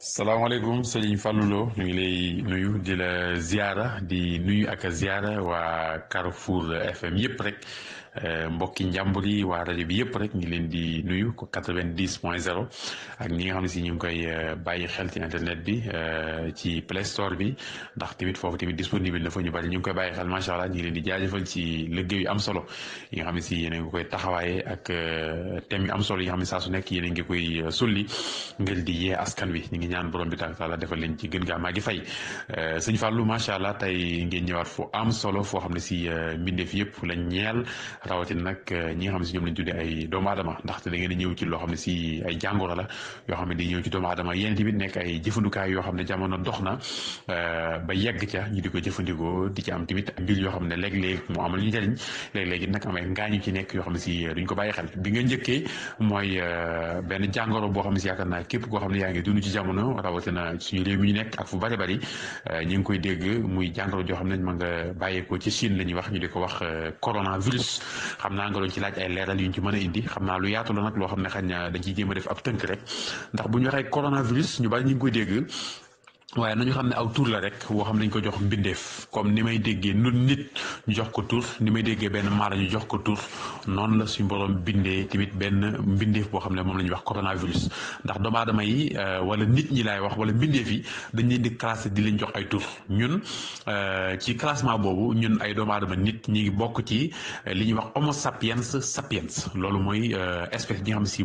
salaamaaleykum sëriñ Fallou Lo ñu ngi lay nuyu di la ziara di nuyu ak a waa Carrefour FM yëpp rek Euh, mbokki njàmbur yi waa rajo bi yëpp rek ngi leen di nuyu ko quatre vingt dix ak ñi nga xam ne si ñu ngi koy euh, bàyyi xel ci internet bi euh, ci play store bi ndax tamit foofu tamit disponible na fa ñu bari ñu ngi koy bàyyi xel macha allah ngi leen di jaajëfal ci liggéey yu am solo yi nga xam ne si yéen ngi koy taxawaaye ak thème yu am solo yi xam ne saa su nekk yéen a ngi koy sulli ngeen di yee askan wi ñu ngi ñaan borom bi taala taala defal leen ci gën gaa maa gi fay sëñ Fallou macha allah tey ngeen ñëwaat fu am solo foo xam ne si mbindeef yëpp la ñeel rawatina nag euh, ñi nga xam ne si ñoom lañ tuddee ay doomu adama ndax da ngeen di ñëw ci loo xam ne si ay jàngoro la yoo xam ne di ñëw ci doomu aadama yéen tamit nekk ay jëfandukaay yoo xam ne jamono dox na euh, ba yegg ca ñu di ko jëfandikoo di ci am tamit mbir yoo xam ne léeg-léeg mu amal ñu jëriñ léeg-léeg nag am ay ngaañu ci nekk yoo xam ne si euh, duñ ko bàyyi xel bi nga njëkkee mooy benn jàngoro boo xam ne si yaakaar naa képp koo xam ne yaa ngi dund ci jamono rawatina suñu réew mi ñu ak fu bari bari ñu ngi koy dégg muy jàngoro joo xam ne ma nga bàyyeekoo ci siin la ñuy wax ñu di ko wax coronavirus xam naa nga doon ci laaj ay leeral yuñ ci mën a indi xam naa lu yaatu nag loo xam ne xañ na ciy jéem a def ab tënk rek ndax bu ñu waxee coronavirus ñu bari ñu ngi koy dégg waaye nañu xam ne aw tour la rek boo xam ne dañ ko jox mbindeef comme ni may déggee nu nit ñu jox ko tur ni may déggee benn maara ñu jox ko tur noonu la suñu borom bindee tamit benn mbindeef boo xam ne moom la ñuy wax coronavirus ndax doomu aadama yi euh, wala nit ñi laay wax wala mbindeef yi dañ leen di classé di leen jox ay tur ñun euh, ci classement boobu ñun ay doomu aadama nit ñi ngi bokk ci euh, li ñuy wax homo sapiens sapience loolu mooy espèce bi nga xam ne si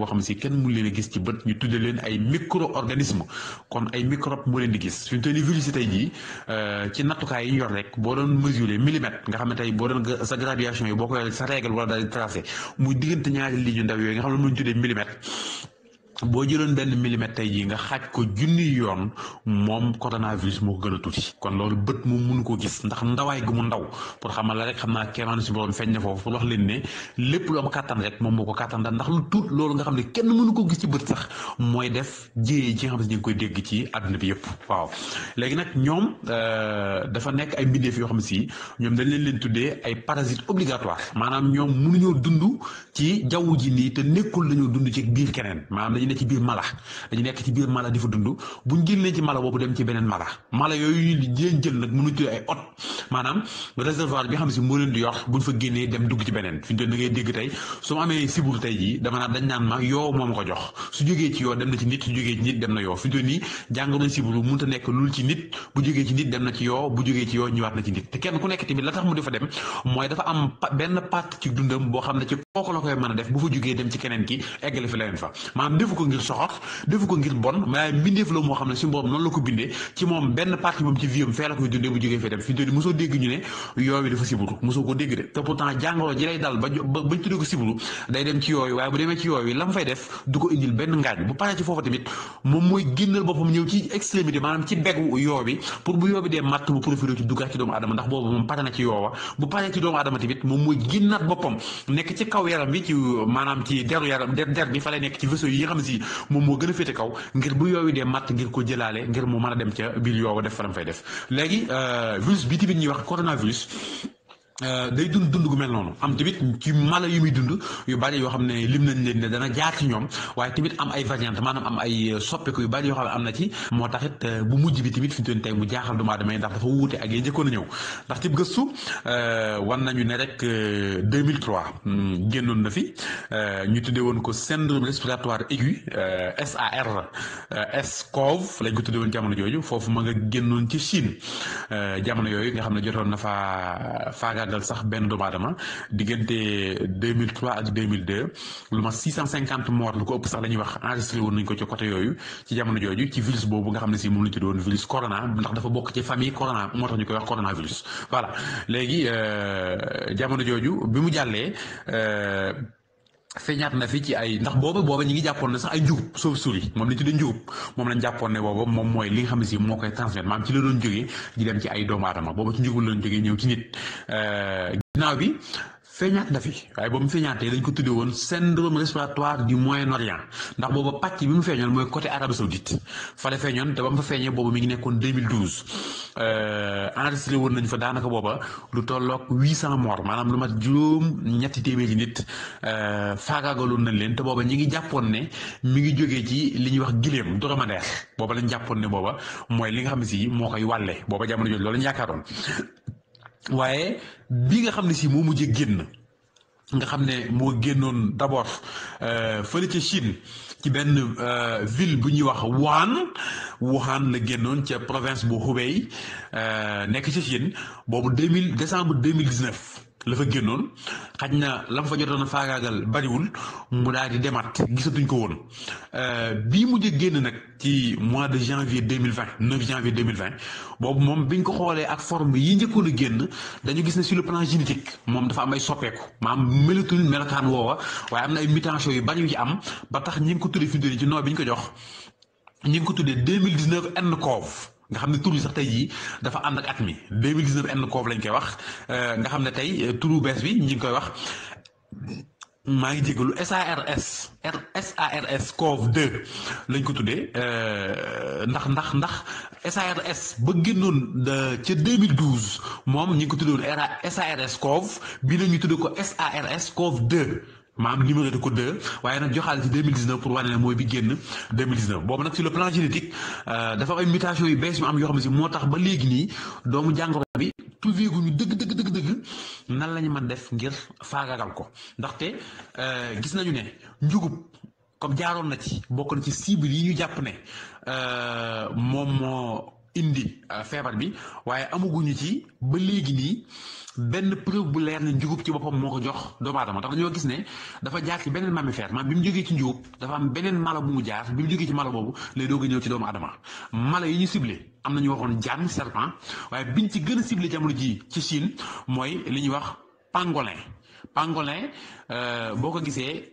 boo xam si kenn mu leen a gis ci bët ñu tudde leen ay micro-organisme kon ay microbe moo leen di gis fi mu toll virus yi tey jii euh, ci nattukaay yi ñu yor rek boo doon mesurer millimètre nga xam ne tey boo doon sa graduation yi boo ko yoree sa règle wala daal di tracé muy diggante ñaari ligne yu ndaw yooyu nga xam ne lu ñu tuddee millimètre boo jëloon benn milimètre tey jii nga xaaj ko junni yoon moom coronavirus moo ko gën a tuuti kon loolu bët moom mënu ko gis ndax ndawaay gu mu ndaw pour xamal la rek xam naa kéemaan si borom feeñ na foofu pour leen ne lépp lu am kàttan rek moom moo ko kàttan ndax lu tuut loolu nga xam ne kenn mënu ko gis ci bët sax mooy def jéyee ji nga xam ne ñu ngi koy dégg ci àdduna bi yëpp waaw léegi nag ñoom euh, dafa nekk ay mbindeef yoo xam si ñoom dañ leen leen tuddee ay parasites obligatoires maanaam ñoom mënuñoo dund ci jaww ji nii te nekkul dund ci biir keneen ne ci biir mala dañu nekk ci biir mala di fa dund buñ ci mala bobu dem ci benen mala mala yooyu ngeen jël nak mënu ci ay ot manam réservoir bi xam si leen di yor buñ fa génnee dem dugg ci benen fiñu da ngay dégg tay su amé sibul tay ji dama na dañ nan ma yo mom ko jox su joggé ci yo dem na ci nit su joggé ci nit dem na fiñu ni jang na sibul mu ta nekk lul ci nit bu joggé ci nit dem na ci yo bu joggé ci yoo ñëwaat na ci nit te kenn ku nekk timi la tax mu di fa dem moy dafa am benn pat ci dundam bo xam ci kooku la koy mëna def bu fa joggé dem ci kenen ki eggale fi leneen fa manam defu ngir soxor defu ko ngir bon waaye mbindeef la moo xam ne suñu borom noonu la ko bindee ci moom benn parti moom ci viam fee la koy dundee bu jógee fee dem fi mu mosoo dégg ñu ne yooyu dafa siburu mosoo ko dégg de te pourtant jàngoro ji lay dal ba bañ tuddee ko siburu day dem ci yooyu waaye bu demee ci yooyu la mu fay def du ko indil benn ngaañ bu paree ci foofu tamit moom mooy génnal boppam ñëw ci extrémité maanaam ci beggu yoo bi pour bu yoo bi dee matt bu profité ci duggaat ci doomu adama ndax boobu moom pare na ci yoowa bu paree ci doomu adama tamit moom mooy ginnat boppam nekk ci kaw yaram bi ci maanaam ci deru yaram der der bi fa lay nekk ci vaisseau yi nga xam ji moom moo gën a féete kaw ngir bu yooyu dee matt ngir ko jëlaale ngir mu mën a dem ca biir yoowu def faram fay def léegi euh, virus bi tamit ñuy wax coronavirus Euh, day dund dund gu mel noonu am tamit ci mala yu muy dund yu bari yoo xam ne lim nañ leen ne dana jaar ci ñoom waaye tamit am ay variante maanaam am ay euh, soppeeku yu bari yoo xam ne am na ci moo taxit euh, bu mujj bi tamit fi ñu tey mu jaaxal doomu aadama yi ndax dafa wuute ak yéen njëkkoon a ñëw ndax wan nañu ne rek 2003 hmm, génnoon na fi ñu tuddee woon ko syndrome respiratoire aigu SAR SCOV lañ ko woon jamono jooju foofu ma nga génnoon ci Chine jamono yooyu nga xam ne jotoon na faa faaga dal sax benn doomu aadama diggante 2003 ak 2002 lu ma 650 mort lu ko ëpp sax la ñuy wax enregistré woon nañu ko ci côté yooyu ci jamono jooju ci virus boobu nga xam ne si moom la ci doon virus corona ndax dafa bokk ci famille corona moo tax ñu koy wax coronavirus voilà léegi euh, jamono jooju bi mu jàllee euh, feeñaat na fi ci ay ndax booba booba ñi ngi jàppoon na sax ay njuub soof suli moom lañ tuddee njuub moom lañ jàppoon ne booba moom mooy li nga xam ne si moo koy transmettre maam ci la doon jógee di ci ay doomu aadama booba ci njubul la doon jógee ñëw ci nit euh, ginnaaw bi feeñaat na fi waaye ba mu feeñaatee dañ ko tudde woon syndrome respiratoire du Moyen-Orient ndax booba pàcc bi mu feeñoon mooy côté Arabie Saoudite fa feeñoon te ba mu fa feeñee booba mi ngi nekkoon 2012 euh, woon nañ fa daanaka booba lu tollook tolloog cent morts maanaam lu mat juróom ñetti téeméeri nit euh, faagaagaloon nañ leen te booba ñi ngi jàppoon ne mi ngi jógee ci li ñuy wax giléem dromadaire booba lañ jàppoon ne booba mooy li nga xam ne si moo koy wàlle booba jamono jooju loolu lañ yaakaaroon waaye bi nga xam ne si moo mujjee génn nga xam ne moo génnoon d'abord euh, fële ca Chine ci benn euh, ville bu ñuy wax Wuhan Wuhan la génnoon ca province bu Hubei euh, nekk ca Chine boobu deux mille décembre deux mille dix-neuf la fa génnoon xaj na la mu fa jotoon a faagaagal bariwul mu daal di demaat gisatuñ ko woon euh, bii mujj a génn nag ci mois de janvier deux mille vingt neuf janvier deux mille vingt boobu moom biñ ko xoolee ak forme yi njëkkoon a génn dañu gis ne sur le plan moom dafa am ay soppeeku maam melatul melokaan woowa waaye am na ay mutation yu bari ci am ba tax ñi ngi ko tuddee fi mu ci noo bi ñu ko jox ñi ngi ko tuddee deux mille dix neuf N-CoV nga xam ne tur sax tey jii dafa ànd ak at mi 2019 end koof lañ koy wax euh, nga xam ne tey euh, turu bees bi ñu ngi koy wax maa ngi jégalu SARS R SARS COV 2 lañ ko tuddee euh, ndax ndax ndax SARS ba génnoon ca 2012 moom ñu ngi ko tuddee woon SARS COV bi la ñu tuddee ko SARS COV maa am numéro de code 2 waaye nag joxaale ci 2019 pour wane ne mooy bi génn 2019 boobu nag sur le plan génétique euh, dafa am ay mutation yu bees yu am yoo xam ne si moo tax ba léegi nii doomu jàngoro bi trouvé gu ñu dëgg dëgg dëgg dëgg nan la ñu def ngir faagaagal ko ndaxte euh, gis nañu ne njugub comme jaaroon na ci bokk na ci cible yi ñu jàpp ne euh, moom moo indi feebar bi waaye amaguñu ci ba léegi nii. benn preuve bu leer ne njugub ci boppam moo ko jox doomu aadama tax dañoo gis ne dafa jaar ci beneen mammifère maanaam bi mu jógee ci njugub dafa am beneen mala bu mu jaar bi mu jógee ci mala boobu lay doog a ñëw ci doomu aadama mala yi ñu sible am na ñu waxoon jaan serpent waaye biñ ci gën a ciblé jamono ji ci Chine mooy li ñuy wax pangolin pangolin euh, boo ko gisee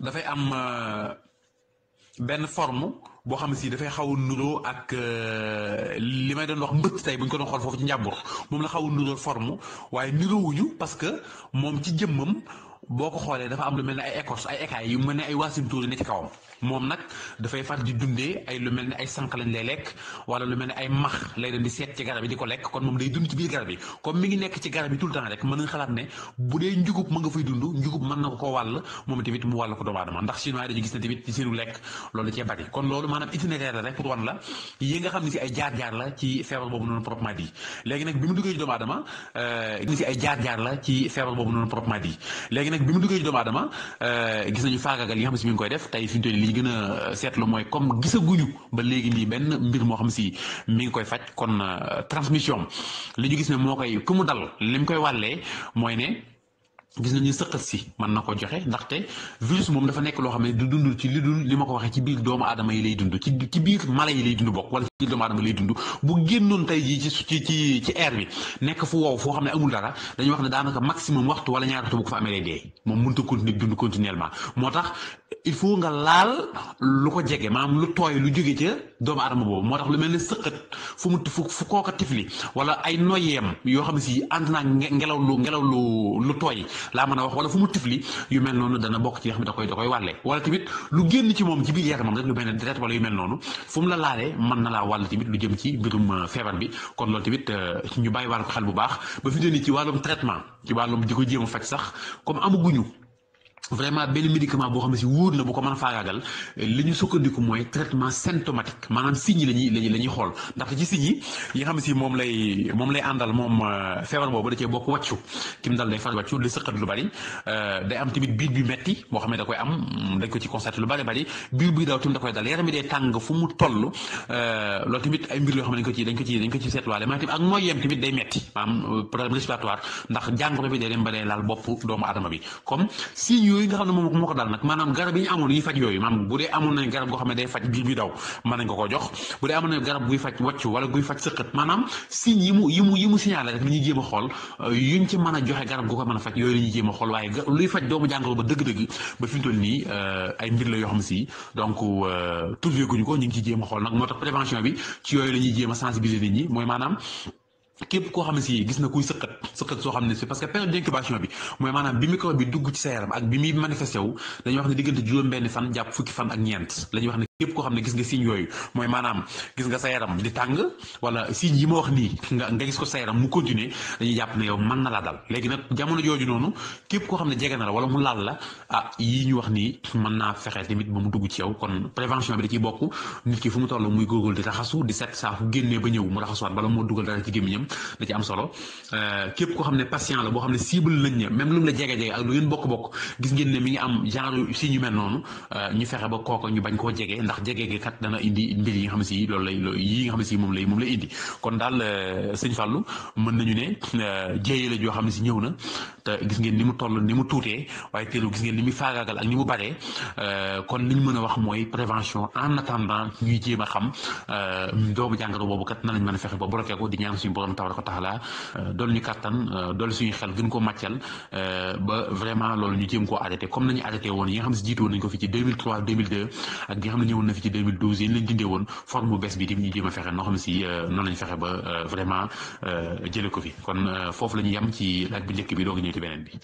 dafay am. Euh, benn forme boo xam ne si dafay xaw a nuroo ak li may doon wax mbëtt tey buñ ko doon xool foofu ci njàmbur moom la xaw a nuroo forme waaye niroowuñu parce que moom ci jëmmam boo ko xoolee dafa am lu mel ne ay écorce ay écailles yu mel ne ay waasim tuuri ne ci kawam moom nag dafay far di dundee ay lu mel ni ay sànq lañ lay lekk wala lu mel ne ay max lay dem di seet ci garab yi di ko lekk kon moom day dund ci biir garab yi comme mi ngi nekk ci garab yi tout le temps rek mën nga xalaat ne bu dee dund njugub mën na ko koo moom tamit mu wàll ko doomu aadama ndax chinois yi dañu gis ne tamit ci seenu lekk loolu cee bari kon loolu maanaam itinéraire la rek pour wan la yi nga xam ay jaar la ci feebar boobu noonu proprement léegi nag bi mu duggee ci doomu aadama ni si ay jaar-jaar la ci feebar boobu noonu proprement dit nag bi mu duggee ci doomu aadama euh, gis nañu faagaagal yi nga xam si mi ngi koy def tey fi mu toll li ñu gën a euh, seetlu mooy comme gisaguñu ba léegi nii benn mbir moo xam si mi ngi koy faj kon euh, transmission li ñu gis ne moo koy ku mu dal li mu koy wàllee mooy ne gis nañu sëqat si man na ko joxe ndaxte virus moom dafa nekk loo xam ne du dund ci li dul li ma ko waxee ci biir doomu aadama yi lay dund ci ci biir mala yi lay dund bokk wala ci doomu adama lay dund bu génnoon tay ji ci ci ci air bi nek fu wo fo xamne ne amul dara dañu wax ne daanaka maximum waxtu wala ñaar waxtu bu ko fa amee lay dee moom mënta continuer dund continuellement motax il faut nga laal lu ko jege manam lu toy lu jóge ci doomu adama boobu motax lu melni sekkat fu mu fu ko kooka tifli wala ay noyem yo xam ci si ngelaw lu ngelaw lu lu toy la mëna wax wala fu mu tifli yu mel nonu dana bok ci yoo da koy da koy walé wala tamit lu genn ci mom ci bi yéram rek lu benn direct wala yu mel nonu fu mu la laalé man na la wàll tamit lu jëm ci mbirum euh, feebar bi kon loolu tamit euh, ñu bàyyi wàllu xel bu baax ba fi mu ci walum traitement ci walum diko jëm fajj sax comme amaguñu vraiment benn médicament boo xam ne si wóor na bu ko mën a faagaagal li ñu sukkandiku mooy traitement symptomatique maanaam signes yi la ñuy lañuy la ñuy xool ndaxte ci signes yi yi xam si moom lay moom lay àndal moom euh, feebar boobu da cee bokk wàccu kim dal day far wàccu li sëqat lu bari euh, day am tamit biir bi metti boo xam ne da koy am mm, dañ ko ci constaté lu bari bari biir buy daw tamit da koy dal yaram bi day tàng fu mu toll euh, loolu tamit ay mbir yoo xam ne dañ ko ci ko ci dañ ko ci seetluwaale maanaam tamit ak mooy yem tamit day metti maanaam problème respiratoire ndax ba day laal bopp doomu aadama bi yooyu nga xam ne moom moo ko daal nag maanaam garab yi ñu amoon yi faj yooyu maanaam bu dee amoon nañ garab goo xam ne day faj biir bi daw mën nañ ko jox bu dee amoon nañ garab guy faj wàccu mu yi mu yi mu signalé rek li a xool euh, yuñ ci ko mën a faj yooyu la ñuy jéem a xool waaye luy faj doomu jàngoro ba dëgg-dëgg ba fi nii euh, ay mbir la yoo xam si donc euh, trouvé guñu ko ñu ngi ci jéem a xool nag moo tax prévention bi ci yooyu la ñuy jéem a sensibiliser mooy maanaam képp koo xam ne si gis na kuy sëqat sëqat soo xam ne si parce que période d'incubation bi mooy maanaam bi microbe bi dugg ci sa yaram ak bi muy manifesté wu wax ne diggante juróom-benn fan jàpp fukki fan ak ñeent la ñuy wax ne képp koo xam ne gis nga signe mooy maanaam gis nga sa yaram di tàng wala signe yi ma wax nii nga nga gis ko sa yaram mu continuer dañuy jàpp ne yow man na la dal léegi nag jamono jooju noonu képp koo xam ne jege na la wala mu laal la ah yii ñu wax nii mën naa fexe tamit ba mu dugg ci yow kon prévention bi da ciy bokk nit ki fu mu toll muy góorgóorlu di raxasu di set saa fu génnee ba ñëw mu raxasuwaat bala moo ci gémmiñam am ci am solo euh, képp koo xam ne patient la boo xam ne cible lañ ne même lu mu la jege-jege ak lu ngeen bokk-bokk gis ngeen ne mi ngi am genre si ñu mel noonu euh, ñu fexe ba kooka ñu bañ koo jege ndax jege gi kat dana indi mbir yi nga xam ne si loolu lay yi nga xam ne si moom lay moom lay indi kon daal euh, sëñ Fallou mën nañu ne jéeye la joo xam ne si ñëw na te gis ngeen ni mu toll ni mu tuutee waaye teelu gis ngeen ni mu faagaagal ak ni mu baree euh, kon li ñu mën a wax mooy prévention en attendant ñuy jéem a xam euh, doomu jàngoro boobu kat na lañ mën a fexe ba bloqué ko di ñaan suñu borom tabaraka taala euh, dool ñu kattan dool suñu xel gën ko màccal ba vraiment loolu ñu jéem koo arrêté comme nañu arrêté woon yi nga xam ne si jiitu woon nañu ko fi ci 2003 2002 ak yi nga xam ne ñëwoon na fi ci 2012 yéen lañ dindee woon forme bu bees bi di ñu jéem a fexe noo xam ne si noonu lañ fexe ba vraiment jële ko fi kon foofu lañu yam ci laaj bi njëkk bi dooga ñëw you, Andy